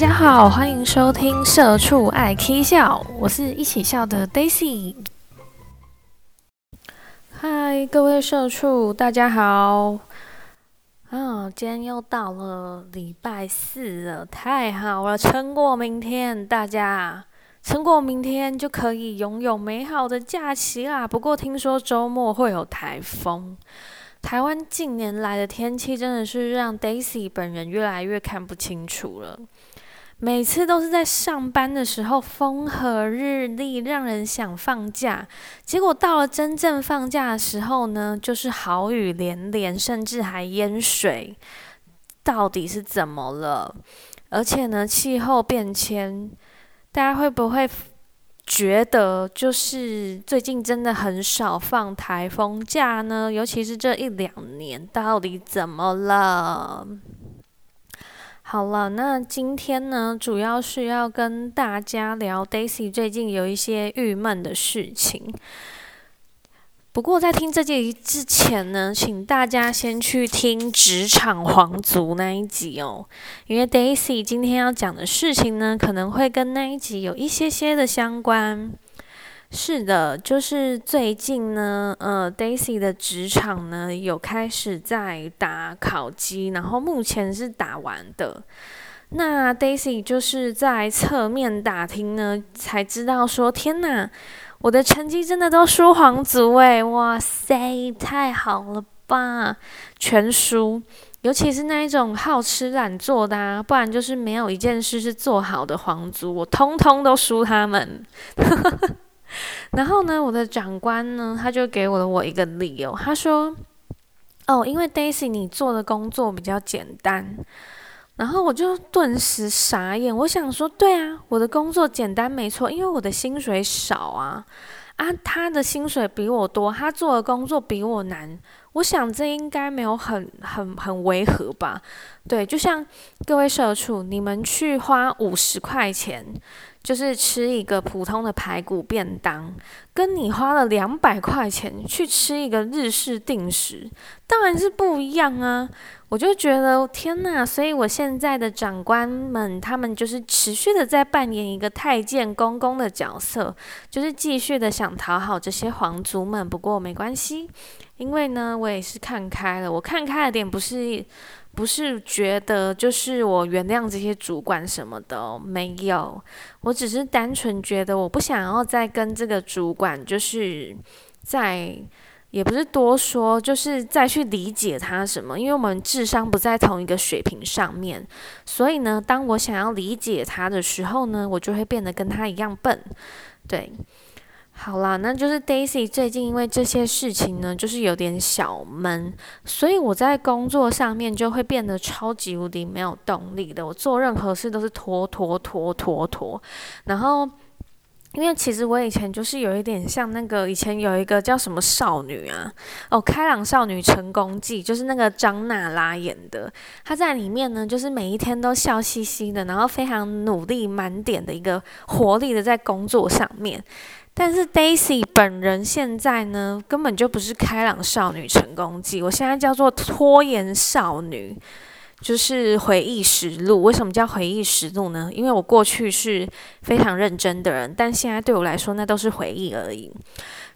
大家好，歡迎收聽《社畜愛 K 笑》，我是一起笑的 Daisy。嗨，各位社畜，大家好！啊，今天又到了禮拜四了，太好了，撐過明天，大家撐過明天就可以擁有美好的假期啦。不過聽說周末會有台風，台灣近年來的天氣真的是讓 Daisy 本人越來越看不清楚了。每次都是在上班的時候風和日麗，讓人想放假。結果到了真正放假的時候呢，就是豪雨連連，甚至還淹水。到底是怎麼了？而且呢，氣候變遷，大家會不會覺得就是最近真的很少放颱風假呢？尤其是這一兩年，到底怎麼了？好了，那今天呢，主要是要跟大家聊 Daisy 最近有一些鬱悶的事情。不過在聽這集之前呢，請大家先去聽《職場皇族》那一集哦，因為 Daisy 今天要講的事情呢，可能會跟那一集有一些些的相關。是的，就是最近呢，呃，Daisy 的職場呢有開始在打考績，然後目前是打完的。那 Daisy 就是在側面打聽呢，才知道說，天哪，我的成績真的都輸皇族誒、欸！哇塞，太好了吧，全輸，尤其是那一種好吃懶做的啊，不然就是沒有一件事是做好的。皇族我通通都輸他們。 然後呢，我的長官呢，他就給了我一個理由，他說：“哦，因為 Daisy 你做的工作比較簡單。”然後我就頓時傻眼，我想說：“對啊，我的工作簡單沒錯，因為我的薪水少啊，啊，他的薪水比我多，他做的工作比我難。”我想這應該沒有很很很違和吧？對，就像各位社畜，你們去花五十塊錢。就是吃一個普通的排骨便當，跟你花了兩百塊錢去吃一個日式定食，當然是不一樣啊。我就覺得天吶，所以我現在的長官們，他們就是持續的在扮演一個太監公公的角色，就是繼續的想討好這些皇族們。不過沒關係，因為呢，我也是看開了。我看開了點，不是，不是覺得就是我原諒這些主管什麼的哦，沒有，我只是單純覺得我不想要再跟這個主管，就是在。也不是多說，就是再去理解他什麼，因為我們智商不在同一個水平上面，所以呢，當我想要理解他的時候呢，我就會變得跟他一樣笨，對。好啦，那就是 Daisy 最近因為這些事情呢，就是有點小悶，所以我在工作上面就會變得超級無敵沒有動力的，我做任何事都是拖拖拖拖拖，然後。因為其實我以前就是有一點像那個以前有一個叫什麼少女啊，哦，開朗少女成功記，就是那個張娜拉演的。她在裡面呢，就是每一天都笑嘻嘻的，然後非常努力、滿點的一個活力的在工作上面。但是 Daisy 本人現在呢，根本就不是開朗少女成功記，我現在叫做拖延少女。就是回憶實錄。為什麼叫回憶實錄呢？因為我過去是非常認真的人，但現在對我來說，那都是回憶而已。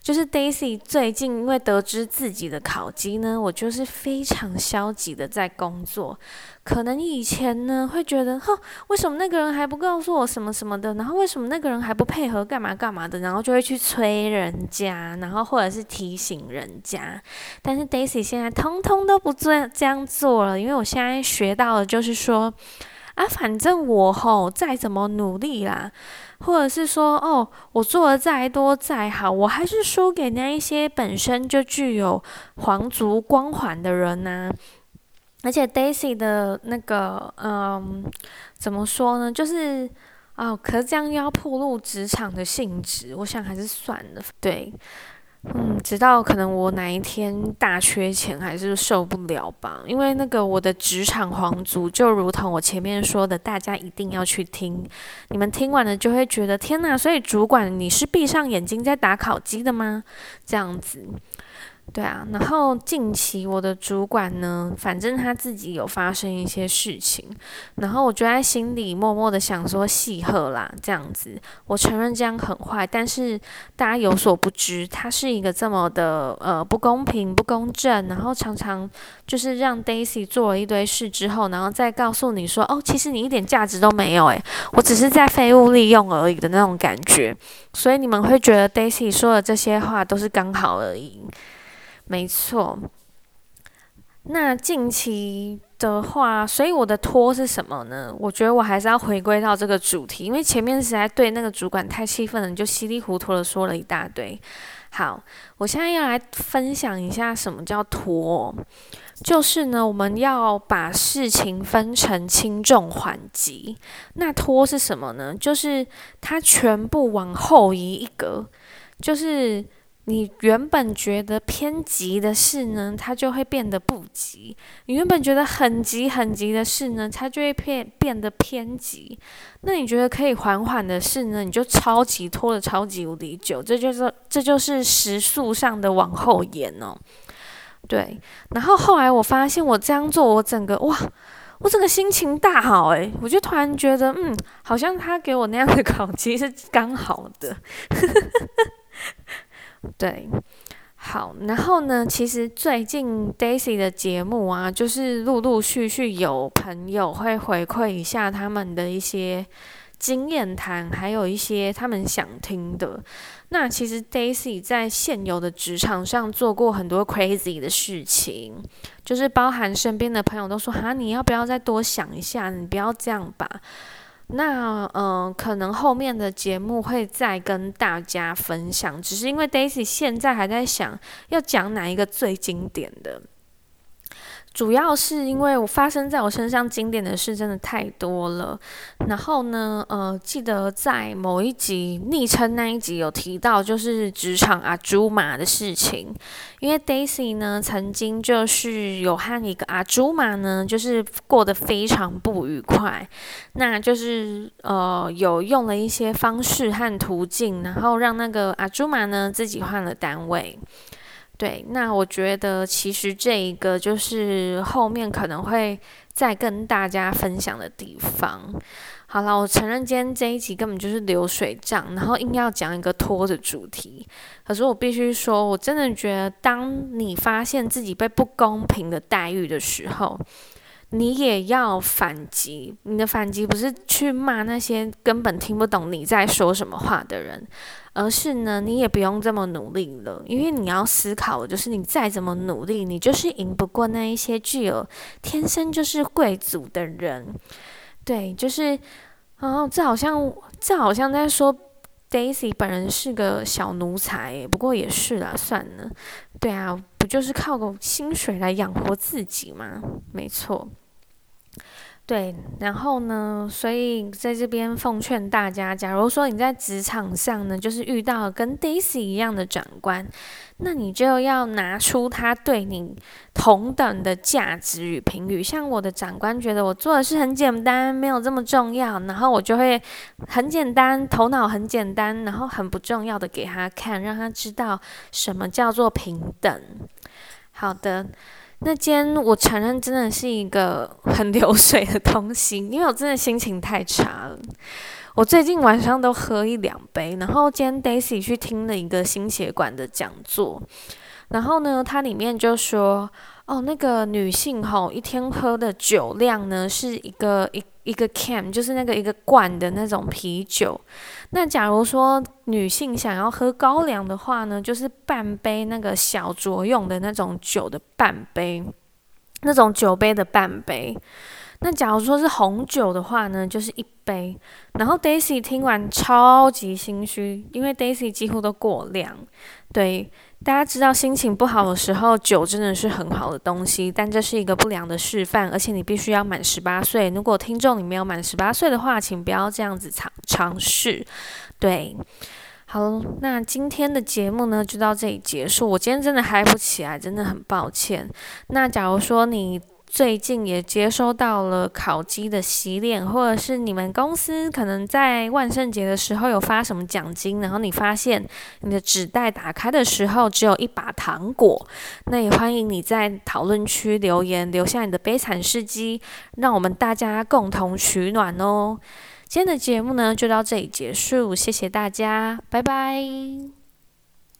就是 Daisy 最近因為得知自己的考績呢，我就是非常消極的在工作。可能以前呢會覺得，哈，為什麼那個人還不告訴我什麼什麼的？然後為什麼那個人還不配合幹嘛幹嘛的？然後就會去催人家，然後或者是提醒人家。但是 Daisy 現在通通都不這樣這樣做了，因為我現在學到的就是說。啊，反正我吼再怎麼努力啦，或者是說哦，我做得再多再好，我還是輸給那一些本身就具有皇族光環的人吶，啊。而且 Daisy 的那個嗯，怎麼說呢？就是哦，可是這樣要曝露職場的性質，我想還是算了。對。嗯，直到可能我哪一天大缺錢，還是受不了吧。因為那個我的職場皇族，就如同我前面說的，大家一定要去聽。你們聽完了就會覺得天哪，所以主管你是閉上眼睛在打考績的嗎？這樣子。對啊，然後近期我的主管呢，反正他自己有發生一些事情，然後我就在心裡默默的想說死好啦，死好啦這樣子。我承認這樣很壞，但是大家有所不知，他是一個這麼的呃不公平、不公正，然後常常就是讓 Daisy 做了一堆事之後，然後再告訴你說，哦，其實你一點價值都沒有，誒，我只是在廢物利用而已的那種感覺。所以你們會覺得 Daisy 說的這些話都是剛好而已。沒錯，那近期的話，所以我的拖是什麼呢？我覺得我還是要回歸到這個主題，因為前面實在對那個主管太氣憤了，你就稀里糊塗的說了一大堆。好，我現在要來分享一下什麼叫拖，就是呢，我們要把事情分成輕重緩急。那拖是什麼呢？就是它全部往後移一格，就是。你原本覺得偏急的事呢，它就會變得不急；你原本覺得很急很急的事呢，它就會變變得偏急。那你覺得可以緩緩的事呢，你就超級拖了超級無敵久。這就是這就是時速上的往後延哦。對，然後後來我發現我這樣做，我整個哇，我整個心情大好哎，我就突然覺得嗯，好像他給我那樣的考績是剛好的。 對，好，然後呢？其實最近 Daisy 的節目啊，就是陸陸續續有朋友會回饋一下他們的一些經驗談，還有一些他們想聽的。那其實 Daisy 在現有的職場上做過很多 crazy 的事情，就是包含身邊的朋友都說：哈、啊，你要不要再多想一下？你不要這樣吧。那嗯、呃，可能後面的節目會再跟大家分享，只是因為 Daisy 現在還在想要講哪一個最經典的。主要是因為我發生在我身上經典的事真的太多了，然後呢，呃，記得在某一集昵稱那一集有提到，就是職場阿朱瑪的事情，因為 Daisy 呢曾經就是有和一個阿朱瑪呢，就是過得非常不愉快，那就是呃有用了一些方式和途徑，然後讓那個阿朱瑪呢自己換了單位。對，那我覺得其實這一個就是後面可能會再跟大家分享的地方。好了，我承認今天這一集根本就是流水賬，然後硬要講一個拖的主題。可是我必須說，我真的覺得，當你發現自己被不公平的待遇的時候，你也要反擊。你的反擊不是去罵那些根本聽不懂你在說什麼話的人。而是呢，你也不用這麼努力了，因為你要思考，就是你再怎麼努力，你就是贏不過那一些具有天生就是貴族的人。對，就是，哦，這好像這好像在說 Daisy 本人是個小奴才，不過也是啦。算了。對啊，不就是靠個薪水來養活自己嗎？沒錯。對，然後呢？所以在這邊奉勸大家，假如說你在職場上呢，就是遇到了跟 Daisy 一樣的長官，那你就要拿出他對你同等的價值與評語。像我的長官覺得我做的事很簡單，沒有這麼重要，然後我就會很簡單，頭腦很簡單，然後很不重要的給他看，讓他知道什麼叫做平等。好的。那今天我承認真的是一個很流水的東西，因為我真的心情太差了。我最近晚上都喝一兩杯，然後今天 Daisy 去聽了一個心血管的講座。然後呢，它裡面就說，哦，那個女性吼、哦、一天喝的酒量呢是一個一一個 can，就是那個一個罐的那種啤酒。那假如說女性想要喝高粱的話呢，就是半杯那個小酌用的那種酒的半杯，那種酒杯的半杯。那假如說是紅酒的話呢，就是一杯。然後 Daisy 聽完超級心虛，因為 Daisy 幾乎都過量，對。大家知道，心情不好的時候，酒真的是很好的東西，但這是一個不良的示範，而且你必須要滿十八歲。如果聽眾你沒有滿十八歲的話，請不要這樣子嚐嚐試。對，好，那今天的節目呢，就到這裡結束。我今天真的嗨不起來，真的很抱歉。那假如說你最近也接收到了考績的洗禮，或者是你們公司可能在萬聖節的時候有發什麼獎金，然後你發現你的紙袋打開的時候只有一把糖果，那也歡迎你在討論區留言，留下你的悲慘事蹟，讓我們大家共同取暖哦。今天的節目呢，就到這裡結束，謝謝大家，拜拜。